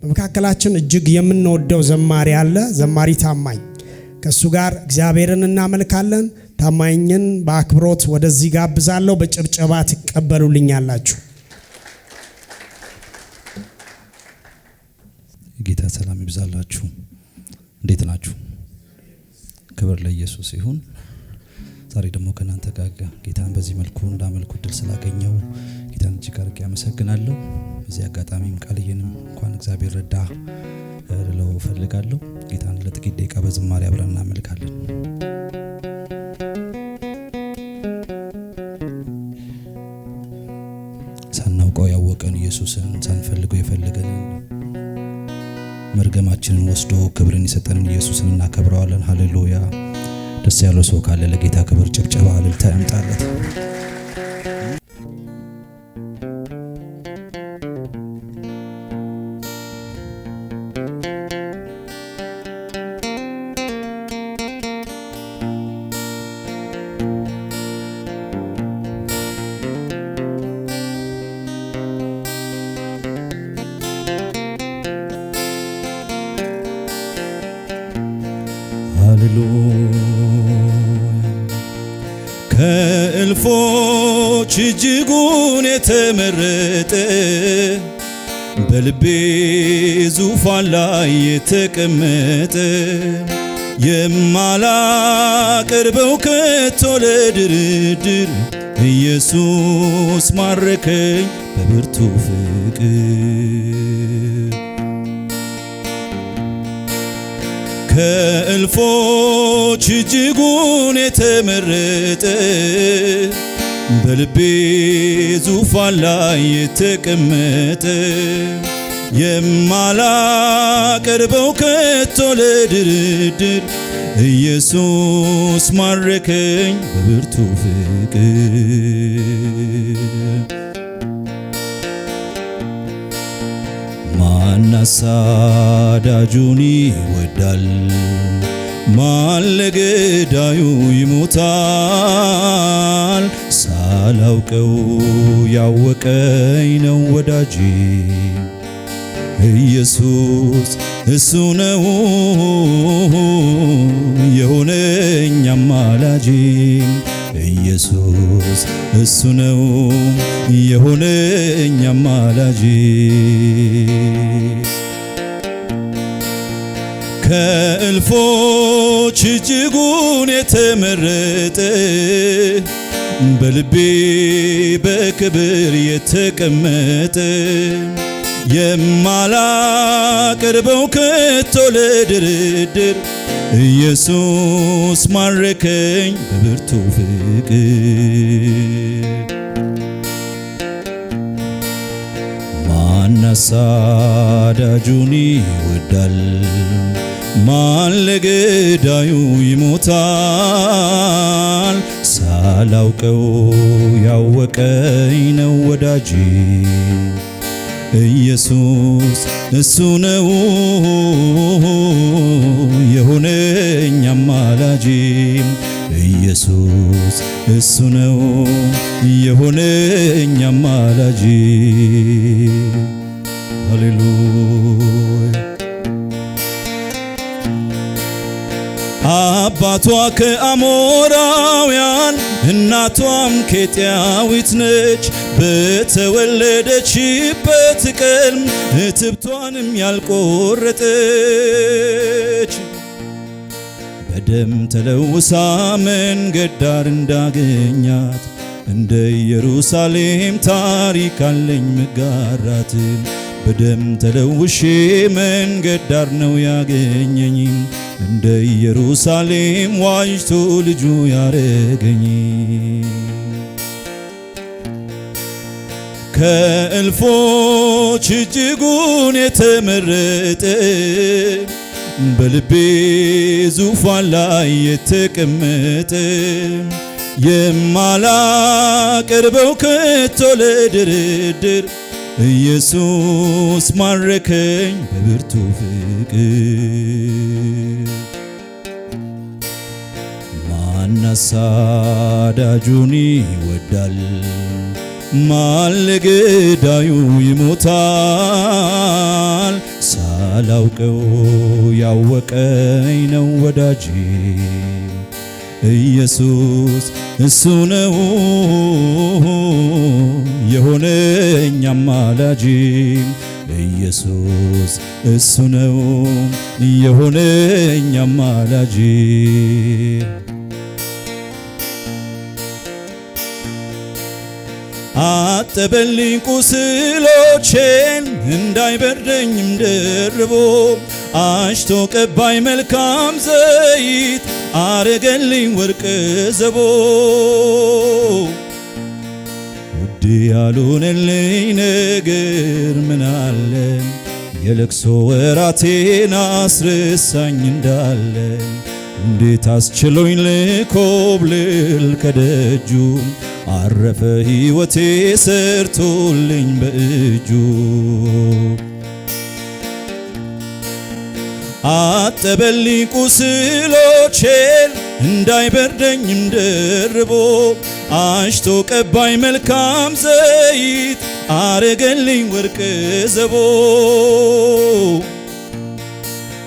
በመካከላችን እጅግ የምንወደው ዘማሪ አለ። ዘማሪ ታማኝ፣ ከእሱ ጋር እግዚአብሔርን እናመልካለን። ታማኝን በአክብሮት ወደዚህ ጋብዛለሁ። በጭብጨባ ትቀበሉልኛላችሁ። ጌታ ሰላም ይብዛላችሁ። እንዴት ናችሁ? ክብር ለኢየሱስ ይሁን። ዛሬ ደግሞ ከእናንተ ጋር ጌታን በዚህ መልኩ እንዳመልኩ እድል ስላገኘው ጌታን እጅግ አርቄ ያመሰግናለሁ። በዚህ አጋጣሚም ቃልየንም እንኳን እግዚአብሔር ረዳ ልለው እፈልጋለሁ። ጌታን ለጥቂት ደቂቃ በዝማሬ አብረን እናመልካለን። ሳናውቀው ያወቀን ኢየሱስን ሳንፈልገው የፈለገ መርገማችንን ወስዶ ክብርን የሰጠንን ኢየሱስን እናከብረዋለን። ሀሌሉያ። ደስ ያለው ሰው ካለ ለጌታ ክብር ጭብጨባ፣ እልልታ ያምጣለት። ከእልፎች እጅጉን የተመረጠ በልቤ ዙፋን ላይ የተቀመጠ የማላቀርበው ከቶ ለድርድር ኢየሱስ ማረከኝ በብርቱ ፍቅር ከእልፎች እጅጉን የተመረጠ በልቤ ዙፋን ላይ የተቀመጠ የማላቀርበው ከቶ ለድርድር ኢየሱስ ማረከኝ በብርቱ ፍቅር አሳዳጁን ይወዳል፣ ማለገዳዩ ለገዳዩ ይሞታል። ሳላውቀው ያወቀኝ ነው ወዳጄ ኢየሱስ እሱ ነው የሆነኝ አማላጄ ኢየሱስ እሱ ነው የሆነኝ አማላጄ ከእልፎች እጅጉን የተመረጠ በልቤ በክብር የተቀመጠ የማላቀርበው ከቶ ለድርድር ኢየሱስ ማረከኝ በብርቱ ፍቅር ማናሳዳጁን ይወዳል ማን ለገዳዩ ይሞታል? ሳላውቀው ያወቀኝ ነው ወዳጅ ኢየሱስ እሱ ነው የሆነኝ አማላጄ ኢየሱስ እሱ ነው የሆነኝ አማላጄ ሃሌሉያ አባቷ ከአሞራውያን እናቷም ኬጢያዊት ነች። በተወለደችበት ቀን እትብቷንም ያልቆረጠች በደም ተለውሳ መንገድ ዳር እንዳገኛት እንደ ኢየሩሳሌም ታሪክ አለኝ መጋራትን በደም ተለውሼ መንገድ ዳር ነው ያገኘኝ እንደ ኢየሩሳሌም ዋጅቶ ልጁ ያረገኝ ከእልፎች እጅጉን የተመረጠ በልቤ ዙፋን ላይ የተቀመጠ የማላቀርበው ከቶ ለድርድር ኢየሱስ ማረከኝ በብርቱ ፍቅር ማናሳዳጁን ይወዳል ማለገዳዩ ይሞታል ሳላውቀው ያወቀኝ ነው ወዳጄ ኢየሱስ እሱ ነው የሆነኝ አማላጅ ኢየሱስ እሱ ነው የሆነኝ አማላጅ አጠበልኝ ቁስሎቼን እንዳይበርደኝም ደርቦ አሽቶ ቀባይ መልካም ዘይት አረገልኝ ወርቅ ዘቦ ውድ ያሉንልኝ ነገር ምናለ የለቅሶ ወራቴን አስረሳኝ እንዳለ እንዴት አስችሎኝ ልኮብልል ከደጁ አረፈ ሕይወቴ ሰርቶልኝ በእጁ አጠበልኝ ቁስሎቼን እንዳይበርደኝም ደርቦ አሽቶ ቀባይ መልካም ዘይት አረገልኝ ወርቅ ዘቦ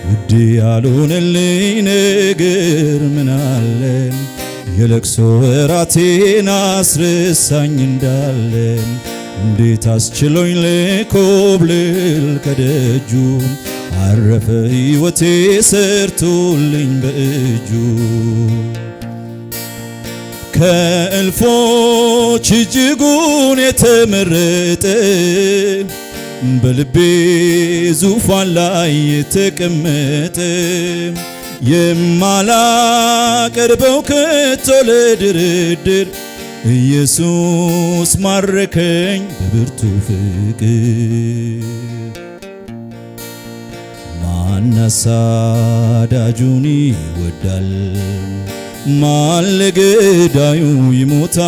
ውድ ያልሆነልኝ ነገር ምናለን የለቅሶ ወራቴን አስረሳኝ እንዳለን እንዴት አስችሎኝ ልኮብልል ከደጁ አረፈ ሕይወቴ ሰርቶልኝ በእጁ ከእልፎች እጅጉን የተመረጠ በልቤ ዙፋን ላይ የተቀመጠ የማላቀርበው ከቶ ለድርድር ኢየሱስ ማረከኝ በብርቱ ፍቅር ሲነሳ ዳጁን ይወዳል፣ ማን ለገዳዩ ይሞታል።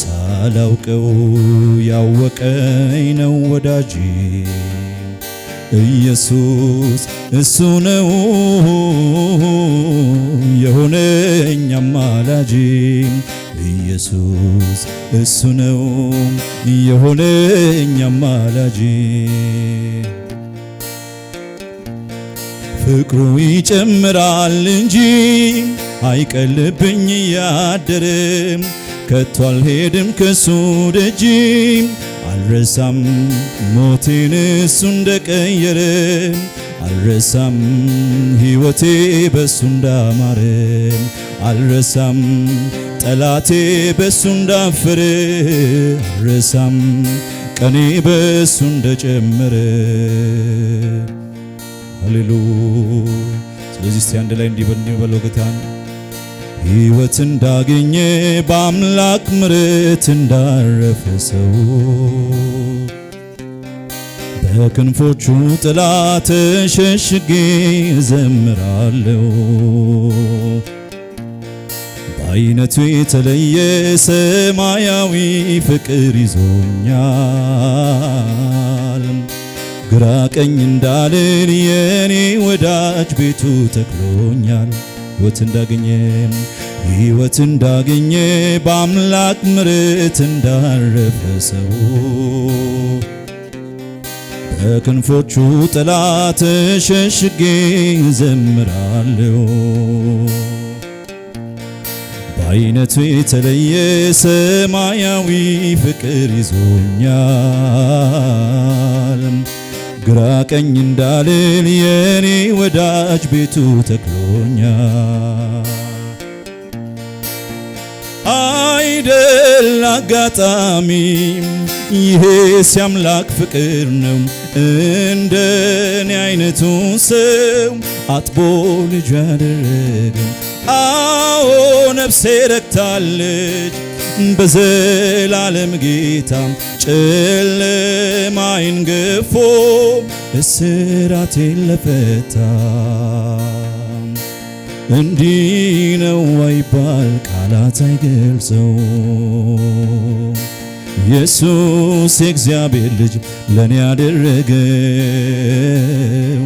ሳላውቀው ያወቀኝ ነው ወዳጅ ኢየሱስ እሱ ነው የሆነኝ አማላጄ ኢየሱስ እሱ ነው የሆነኝ አማላጄ ፍቅሩ ይጨምራል እንጂ አይቀልብኝ እያደርም ከቶ አልሄድም ከሱ ደጅ አልረሳም ሞቴን እሱ እንደቀየረ አልረሳም ሕይወቴ በሱ እንዳማረ አልረሳም ጠላቴ በሱ እንዳፈረ አልረሳም ቀኔ በሱ እንደጨመረ ሃሌሉ። ስለዚህ እስቲ አንድ ላይ ጌታን ሕይወት እንዳገኘ በአምላክ ምረት እንዳረፈ ሰው በክንፎቹ ጥላ ተሸሽጌ እዘምራለሁ። በአይነቱ የተለየ ሰማያዊ ፍቅር ይዞኛል። ግራ ቀኝ እንዳልል የኔ ወዳጅ ቤቱ ተክሎኛል። ሕይወት እንዳገኘ ሕይወት እንዳገኘ በአምላክ ምርት እንዳረፈ ሰው በክንፎቹ ጥላ ተሸሽጌ ዘምራለሁ። በአይነቱ የተለየ ሰማያዊ ፍቅር ይዞኛል። ግራ ቀኝ እንዳልል የኔ ወዳጅ ቤቱ ተክሎኛል። አይደል አጋጣሚ ይሄ ሲያምላክ ፍቅር ነው። እንደኔ አይነቱ ሰው አጥቦ ልጅ ያደረገ አዎ ነፍሴ ረክታለች በዘላለም ጌታ ጨለማዬን ገፎ እስራቴን ለፈታ እንዲህ ነው አይባል፣ ቃላት አይገልጸው። ኢየሱስ የእግዚአብሔር ልጅ ለእኔ ያደረገው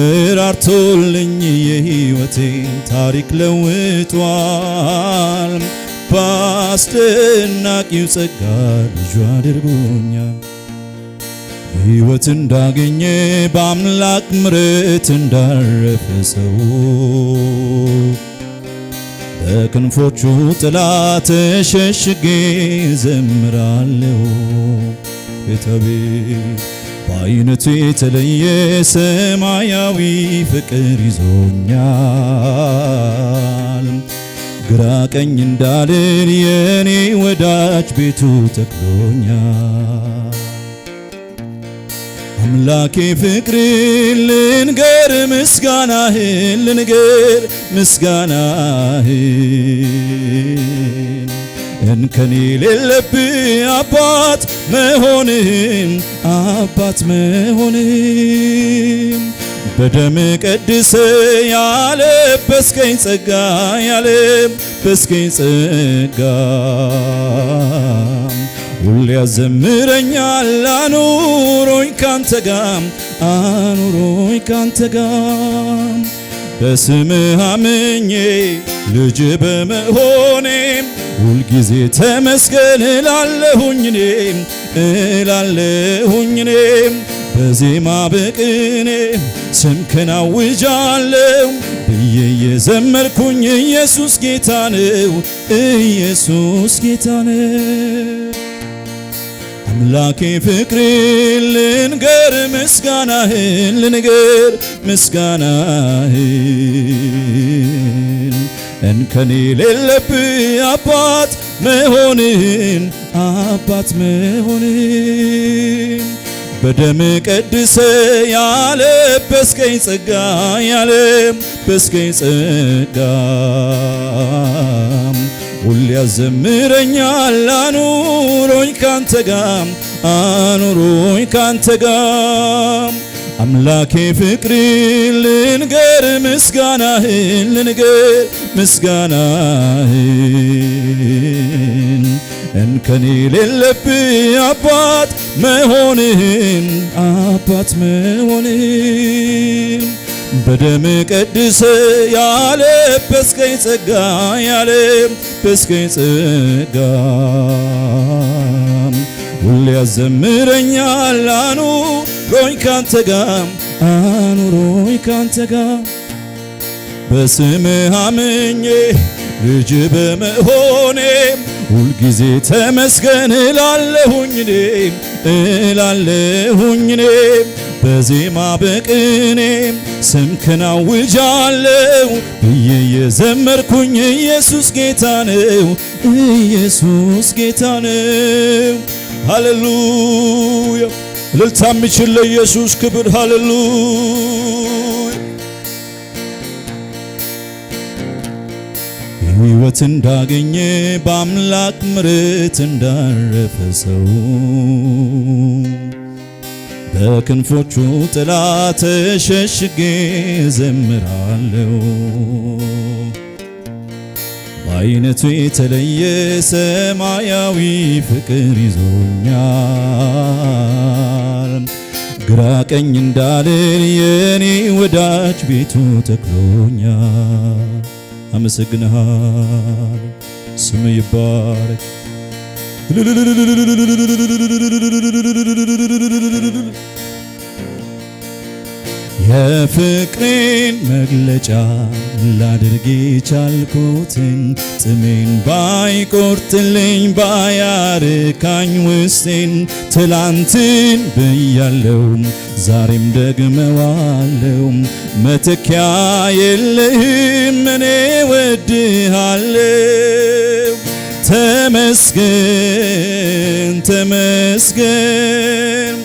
እራርቶልኝ የሕይወቴን ታሪክ ለውጧል። በአስደናቂው ጸጋ ልጁ አድርጎኛል። ሕይወት እንዳገኘ በአምላክ ምረት እንዳረፈ ሰው በክንፎቹ ጥላ ተሸሽጌ ዘምራለሁ። ቤተቤ በአይነቱ የተለየ ሰማያዊ ፍቅር ይዞኛል። ግራ ቀኝ እንዳልን የኔ ወዳጅ ቤቱ ተክሎኛል። አምላኬ ፍቅርን ልንገር ምስጋናህን ልንገር ምስጋናህን እንከን የሌለብህ አባት መሆንህን አባት መሆንህን በደም ቀድሰ ያለበስከኝ ጸጋ ያለበስከኝ ጸጋ ሁሌ ያዘምረኛል አኑሮኝ ካንተ ጋር አኑሮኝ ካንተ ጋር በስምህ አምኜ ልጅ በመሆኔ ሁልጊዜ ተመስገን እላለሁኝ እኔም እላለሁኝ እኔም በዜማ በቅኔ ስምክን አውጃለው ብዬ የዘመርኩኝ ኢየሱስ ጌታ ነው፣ ኢየሱስ ጌታ ነው። አምላኬ ፍቅሬን ልንገር፣ ምስጋናህን ልንገር፣ ምስጋናህን እንከን የሌለብህ አባት መሆንህን አባት መሆንህን በደም ቀድሰ ያለበስከኝ ጸጋ ያለበስከኝ ጸጋ ሁሌ ያዘምረኛል አኑሮኝ ካንተ ጋር አኑሮኝ ካንተ ጋር አምላኬ ፍቅር ልንገር ምስጋናህን ልንገር ምስጋናህን እንከን የሌለብህ አባት መሆንህን አባት መሆንህን በደም ቀድስ ያለበስከኝ ጸጋ ያለበስከኝ ጸጋ ሁሌ ያዘምረኛል አኑሮኝ ካንተ ጋር አኑሮኝ ካንተ ጋር በስምህ አምኜ ልጅ በመሆኔ ሁልጊዜ ተመስገን እላለሁኝ እኔም እላለሁኝ እኔም በዜማ በቅኔም ስምህን አውጃለሁ ብዬ የዘመርኩኝ ኢየሱስ ጌታ ነው ኢየሱስ ጌታ ነው። ሃሌሉያ ልልታ የሚችል ለኢየሱስ ክብር ሃሌሉያ ሕይወት እንዳገኘ በአምላክ ምርት እንዳረፈ ሰው በክንፎቹ ጥላ ተሸሽጌ ዘምራለው። በአይነቱ የተለየ ሰማያዊ ፍቅር ይዞኛል። ግራ ቀኝ እንዳልል የኔ ወዳጅ ቤቱ ተክሎኛል። አመሰግንሃል ስም ይባረክ የፍቅሬን መግለጫ ላድርግ ቻልኩትን ጥሜን ባይቆርጥልኝ ባያርካኝ ውስጤን ትላንትን ብያለው ዛሬም ደግመዋለው መተኪያ የለህም እኔ ወድሃለው ተመስገን ተመስገን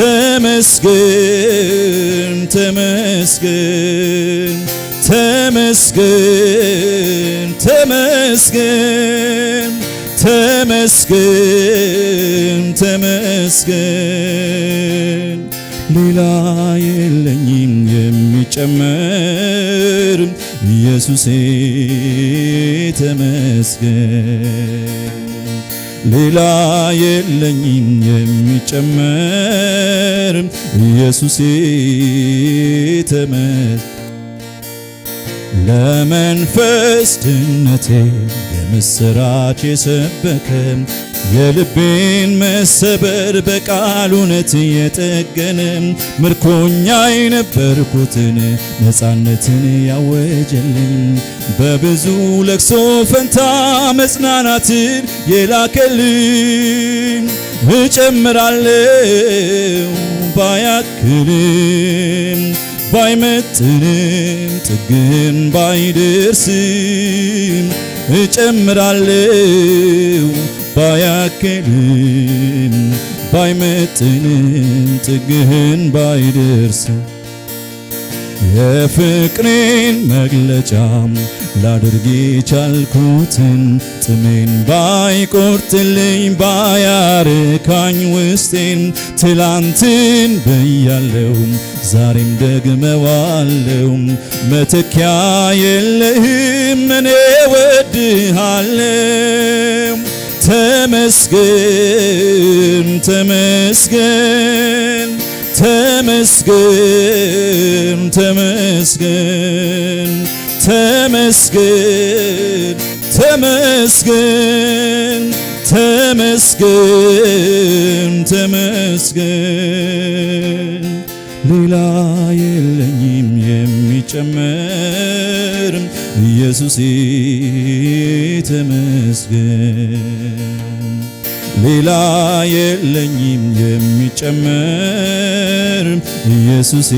Temesgün, temesgün, temesgün, temesgün, temesgün, temesgün ሌላ የለኝም çemerim? ኢየሱሴ ተመስገን ሌላ የለኝም የሚጨመር ኢየሱሴ ተመስ ለመንፈስ ድነቴ የምስራች የሰበከም የልቤን መሰበር በቃል እውነት የጠገነ ምርኮኛ የነበርኩትን ነፃነትን ያወጀልኝ በብዙ ለቅሶ ፈንታ መጽናናትን የላከልኝ እጨምራለው ባያክልም ባይመጥንም ጥግን ባይደርስም እጨምራለው ባያክልም ባይመጥንም ጥግህን ባይደርስ የፍቅሬን መግለጫም ላድርግ የቻልኩትን ጥሜን ባይቆርጥልኝ ባያርካኝ ውስጤን ትላንትን ብያለውም ዛሬም ደግመዋለውም መተኪያ የለህም እኔ ወድሃለው Temesgen, Temesgen, Temesgen, Temesgen, Temesgen, Temesgen, Temesgen. temesgin. ሌላ የለኝም የሚጨመር ኢየሱስ Temesgen. ሌላ የለኝም የሚጨመር ኢየሱሴ።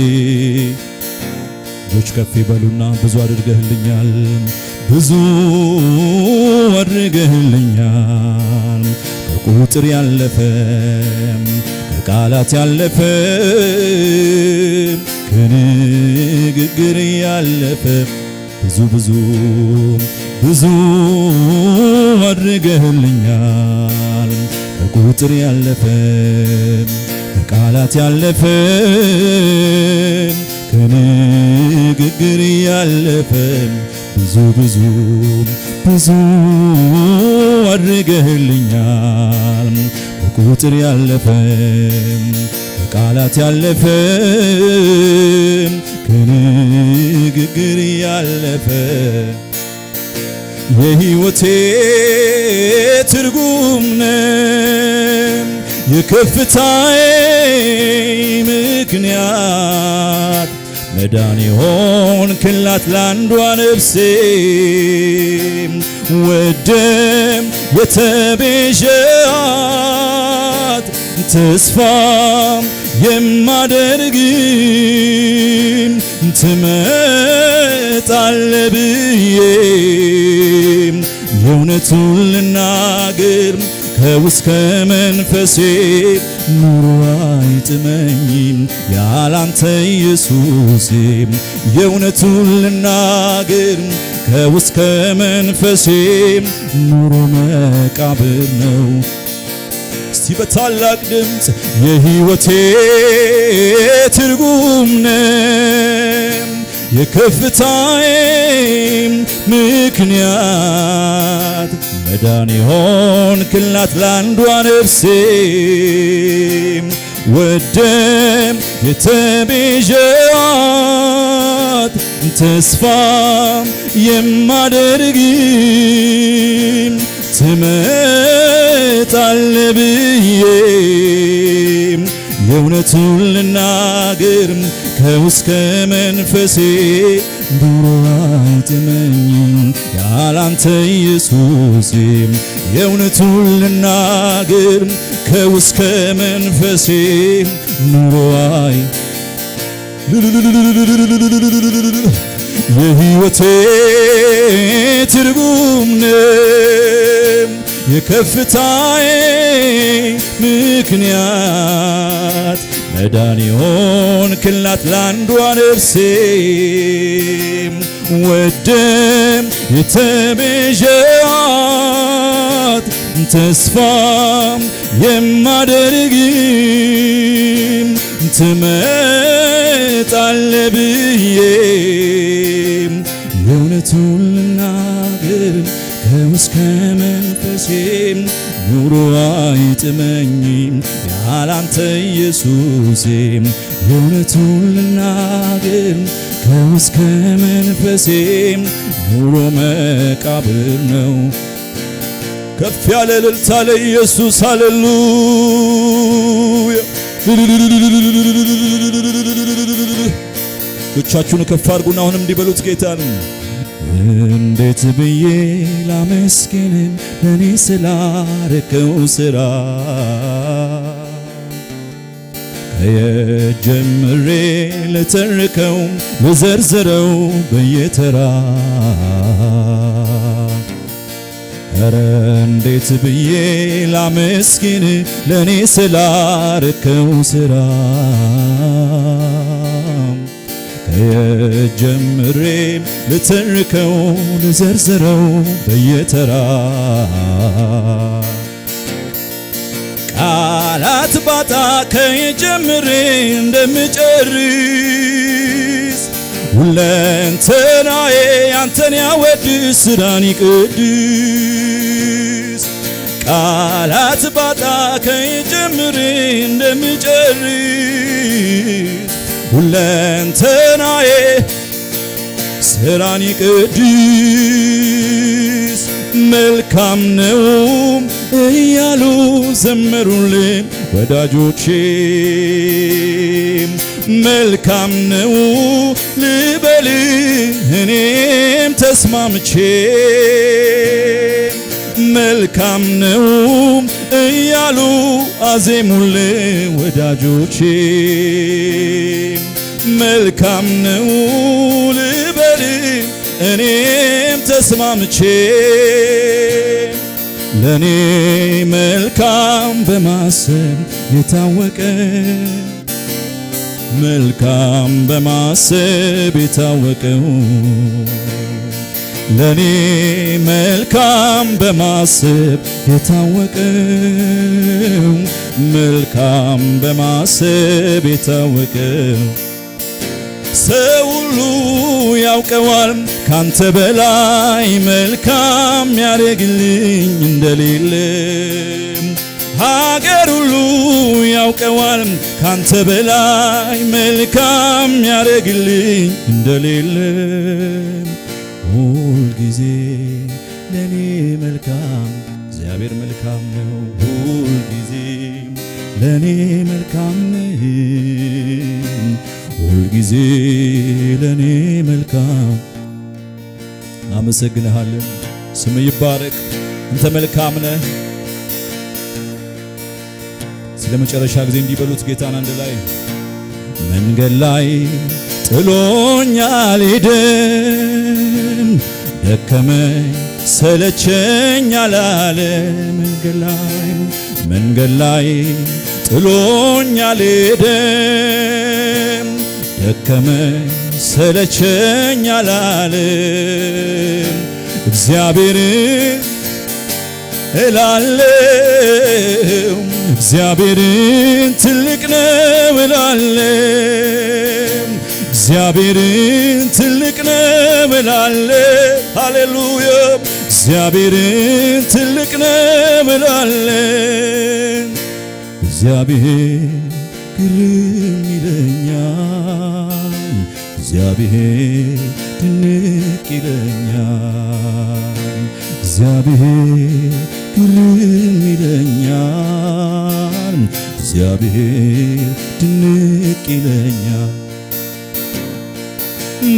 ልጆች ከፍ በሉና ብዙ አድርገህልኛል፣ ብዙ አድርገህልኛል፣ ከቁጥር ያለፈ ከቃላት ያለፈ ከንግግር ያለፈም ብዙ ብዙ ብዙ አድርገህልኛል ከቁጥር ያለፈ ከቃላት ያለፈ ከንግግር ያለፈ ብዙ ብዙ ብዙ አድርገህልኛል ከቁጥር ያለፈ ከቃላት ያለፈ ከንግግር ያለፈ የህይወቴ ትርጉም ነው የከፍታዬ ምክንያት መዳን የሆን ክላት ላንዷ ነፍሴ ወደም የተቤዠት ተስፋም የማደርግን ትመጣለ ብዬ የእውነቱን ልናገር ከውስከ መንፈሴ ኑሮ አይጥመኝም ያላንተ ኢየሱሴ የእውነቱን ልናገር ከውስከ መንፈሴም ኑሮ መቃብር ነው እስቲ በታላቅ ድምፅ የህይወቴ ትርጉም ነው የከፍታዬ ምክንያት መዳን ክላት ለአንዷ ነፍሴ ወደም የተቤዠዋት ተስፋም የማደርግም ትመ እመጣለ ብዬ የእውነቱን ልናገር ከውስከ መንፈሴ ኑሮ አይጥመኝም ያላንተ ኢየሱስ የእውነቱን ልናገር ከውስከ መንፈሴ ኑሮይ የሕይወቴ ትርጉም ነው የከፍታዬ ምክንያት መዳን ሆን ክላት ለአንዷ ነፍሴ ወደም የተቤዣት ተስፋም የማደርግም ትመጣለ ብዬ ኢየሱሴም ኑሮ አይጥመኝም ያላንተ ኢየሱሴም የእውነቱን ልናገር ከውስከ መንፈሴም ኑሮ መቃብር ነው። ከፍ ያለ ልልታ ለኢየሱስ ሃሌሉያ! እጆቻችሁን ከፍ አድርጉና አሁንም እንዲበሉት ጌታን እንዴት ብዬ ላመስግን ለኔ ስላረከው ስራ ከየጀምሬ ለተርከው በዘርዝረው በየተራ ኧረ እንዴት ብዬ ላመስግን ለኔ ስላረከው ስራ ከየጀምሬ ልተርከው ልዘርዝረው በየተራ ቃላት ባጣ ከየጀምሬ እንደምጨርስ ሁለንተናዬ አንተን ያወድስ ስራን ይቅድስ ቃላት ባጣ ከየጀምሬ እንደምጨርስ ሁለንተናዬ ስራን ቅዱስ መልካም ነው እያሉ ዘመሩልን ወዳጆቼ። መልካም ነው ልበል እኔም ተስማምቼ መልካም ነው እያሉ አዜሙሌ ወዳጆቼ መልካም ነው ልበል እኔም ተስማምቼ ለእኔ መልካም በማሰብ የታወቀ መልካም በማሰብ የታወቀው ለኔ መልካም በማሰብ የታወቀው መልካም በማሰብ የታወቀው ሰው ሁሉ ያውቀዋል ካንተ በላይ መልካም ያደርግልኝ እንደሌለም ሀገር ሁሉ ያውቀዋል ካንተ በላይ መልካም ያደርግልኝ እንደሌለም ሁል ጊዜ ለኔ መልካም እግዚአብሔር መልካም ነው። ሁል ጊዜ ለኔ መልካም ነህ። ሁል ጊዜ ለኔ መልካም እናመሰግንሃለን። ስም ይባረክ። እንተ መልካም ነህ። ስለ መጨረሻ ጊዜ እንዲበሉት ጌታን አንድ ላይ መንገድ ላይ ጥሎኛ አልሄደም ደከመኝ ሰለቸኝ አላለ መንገድ ላይ መንገድ ላይ ጥሎኛ አልሄደም ደከመኝ ሰለቸኝ አላለ እግዚአብሔር እላለው እግዚአብሔርን ትልቅ ነው እላለው እግዚአብሔርን ትልቅ ነው እላለሁ። ሃሌሉያ እግዚአብሔርን ትልቅ ነው እላለሁ። እግዚአብሔር ግርም ይለኛል፣ እግዚአብሔር ድንቅ ይለኛል፣ እግዚአብሔር ግርም ይለኛል፣ እግዚአብሔር ድንቅ ይለኛል።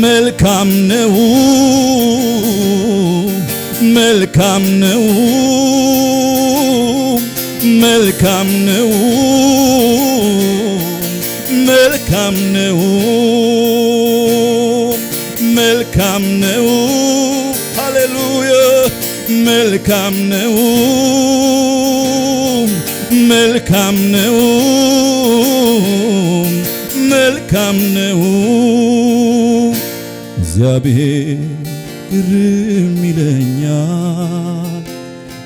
መልካም ነው፣ መልካም ነው፣ መልካም ነው፣ መልካም ነው፣ መልካም ነው። ሃሌሉያ መልካም ነው፣ መልካም ነው፣ መልካም ነው እግዚአብሔር ግርም ይለኛል፣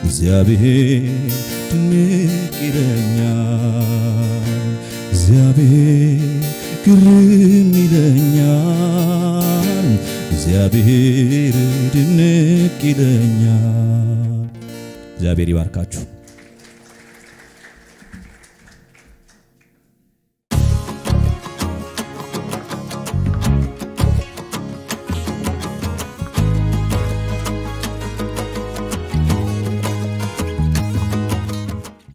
እግዚአብሔር ድንቅ ይለኛል፣ እግዚአብሔር ግርም ይለኛል፣ እግዚአብሔር ድንቅ ይለኛል። እግዚአብሔር ይባርካችሁ።